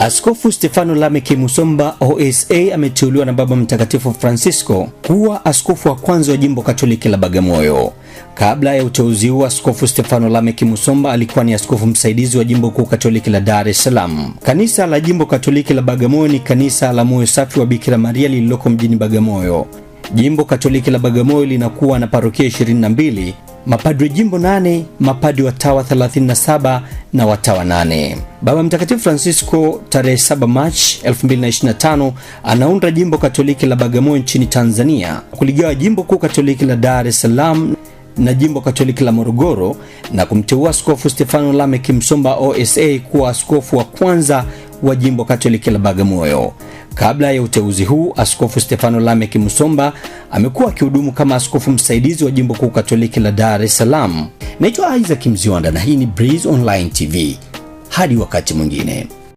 Askofu Stefano Lameki Musomba OSA ameteuliwa na Baba Mtakatifu Francisco kuwa askofu wa kwanza wa jimbo Katoliki la Bagamoyo. Kabla ya uteuzi huo, Askofu Stefano Lameki Musomba alikuwa ni askofu msaidizi wa jimbo kuu Katoliki la Dar es Salaam. Kanisa la jimbo Katoliki la Bagamoyo ni kanisa la Moyo Safi wa Bikira Maria lililoko mjini Bagamoyo. Jimbo Katoliki la Bagamoyo linakuwa na parokia 22 mapadri jimbo 8, mapadri watawa 37 na watawa 8. Baba Mtakatifu Francisco tarehe 7 mach 2025 anaunda jimbo Katoliki la Bagamoyo nchini Tanzania, kuligawa jimbo kuu Katoliki la Dar es Salaam na jimbo Katoliki la Morogoro na kumteua Askofu Stefano lame kimsomba OSA kuwa askofu wa kwanza wa jimbo Katoliki la Bagamoyo. Kabla ya uteuzi huu, Askofu Stefano Lameki Musomba amekuwa akihudumu kama askofu msaidizi wa Jimbo Kuu Katoliki la Dar es Salaam. Naitwa Isaac Mziwanda na hii ni Breeze Online TV. Hadi wakati mwingine.